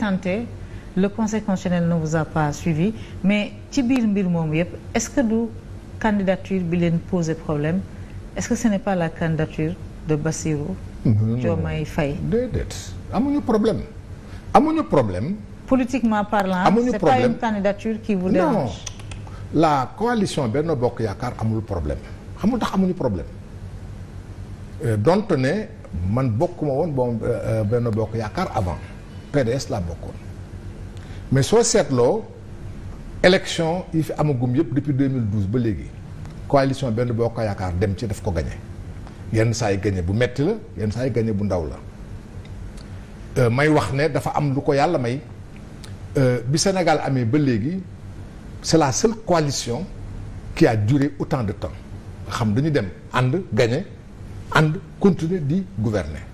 tenté le conseil constitutionnel ne vous a pas suivi mais ci biir mbir moomu yëpp est-ce que du candidature bi leen poser problème est-ce que ce n'est pas la candidature de Bassirou Diomaye Faye déedéet amuñu problème amuñu problème politiquement parlant amuñu c'est pas une candidature qui vous dérange non la coalition Benno Bokk Yaakaar amul problème xamul tax amuñu problème euh, donte ne man bokkuma woon bon euh, euh, benn Bokk Yaakaar avant PDS laa bokkoon mais soo seetloo élection yi fi amagum yëpp depuis 2012 ba léegi coalition benn boo ko yaakaar dem ci daf ko gañe yenn saa yi gañe bu metti la yenn saa yi gañe bu ndaw la euh, may wax ne dafa am lu ko yàlla may euh, bi Sénégal amee ba léegi c'est la seule coalition qui a duré autant de temps nga xam dañu dem ànd gañe ànd continuer di gouverner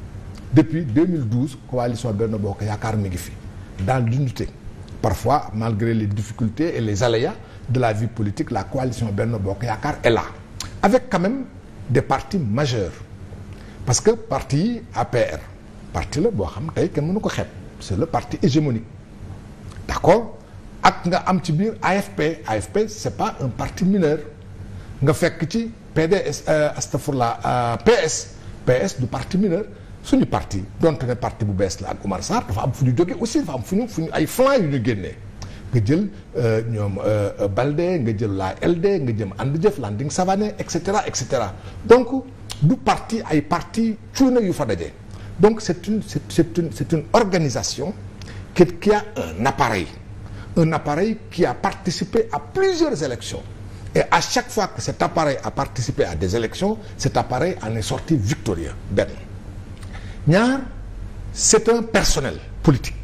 depuis 2012 coalition Benno Bokk Yaakaar mu ngi fi dans l'unité parfois malgré les difficultés et les aléas de la vie politique la coalition Benno Bokk Yaakaar est là avec quand même des partis majeurs parce que parti yi APR parti la boo xam tey kenn mënu ko xeeb c'est le parti hégémonique d'accord ak nga am ci biir AFP AFP c'est pas un parti mineur nga fekk ci PDS euh, astafurla euh, PS PS du parti mineur suñu parti donte ne parti bu bees la ak Oumar Sarr dafa am fu ñu jógee aussi dafa am fu ñu fu ay flanc yu ñu génnee nga jël euh, ñoom euh, Balde nga jël la LD nga jëm ànd jëf Landing Savané et cetera et cetera donc du parti ay parti cuune yu fa dajee donc c'est une c'est une c'est une organisation qui qui a un appareil un appareil qui a participé à plusieurs élections et à chaque fois que cet appareil a participé à des élections cet appareil en est sorti victorieux benn ñaar c'est personnel politique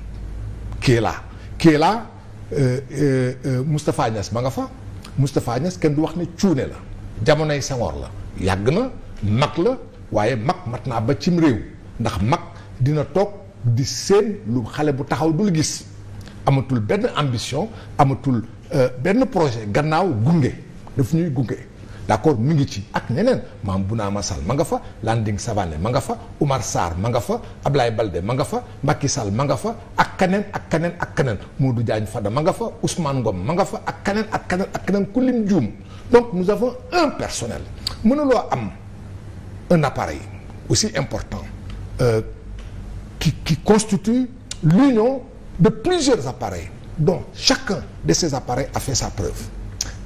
qui est là qui est là euh, euh, euh nga fa Moustapha Niass kenn du wax ni cuune la jamonoy Senghor la yàgg na mag la waaye mag mat naa ba cim réew ndax mag dina toog di seen lu xale bu taxaw dul gis amatul benn ambition amatul euh, benn projet gannaaw gunge daf ñuy gunge d'accord mi ngi ci ak ñeneen maam Bounama Sall ma nga fa Landing Savané ma nga fa Oumar Sarr ma nga fa Ablaye Balde ma nga fa Macky sal ma nga fa ak kaneen ak kaneen ak kaneen Modou Diagne Fada ma nga fa Ousmane Ngom ma nga fa ak kaneen ak kaneen ak kaneen ku lim juum donc nous avons un personnel mënuloo am un appareil aussi important euh, ki qui constitue l'union de plusieurs appareils donc chacun de ces appareils a fait sa preuve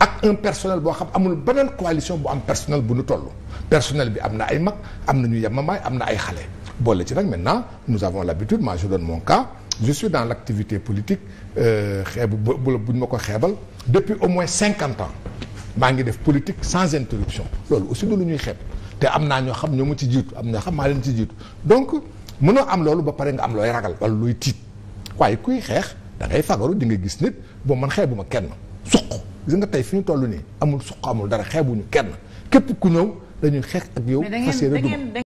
ak un personnel boo xam amul beneen coalition bu am personnel bu nu toll personnel bi am na ay mag am na ñu yemamaay am na ay xale boole ci nag maintenant nous avons l'habitude moi je donne mon cas je suis dans l'activité politique euh, xeebu bu buñ ma ko xeebal depuis au moins cinquante ans maa ngi def politique sans interruption loolu aussi du lu ñuy xeeb te am naa ñoo xam ñoo mu ci jiitu am ñoo xam maa leen ci jiitu donc mënoo am loolu ba pare nga am looy ragal wala luy tiit waaye kuy xeex da ngay fagaru di nga gis nit boo man ma kenn suq gis nga tey fi ñu toll nii amul suq amul dara xeebuñu kenn képp ku ñëw dañuy xeex ak yow. fas yéene dugg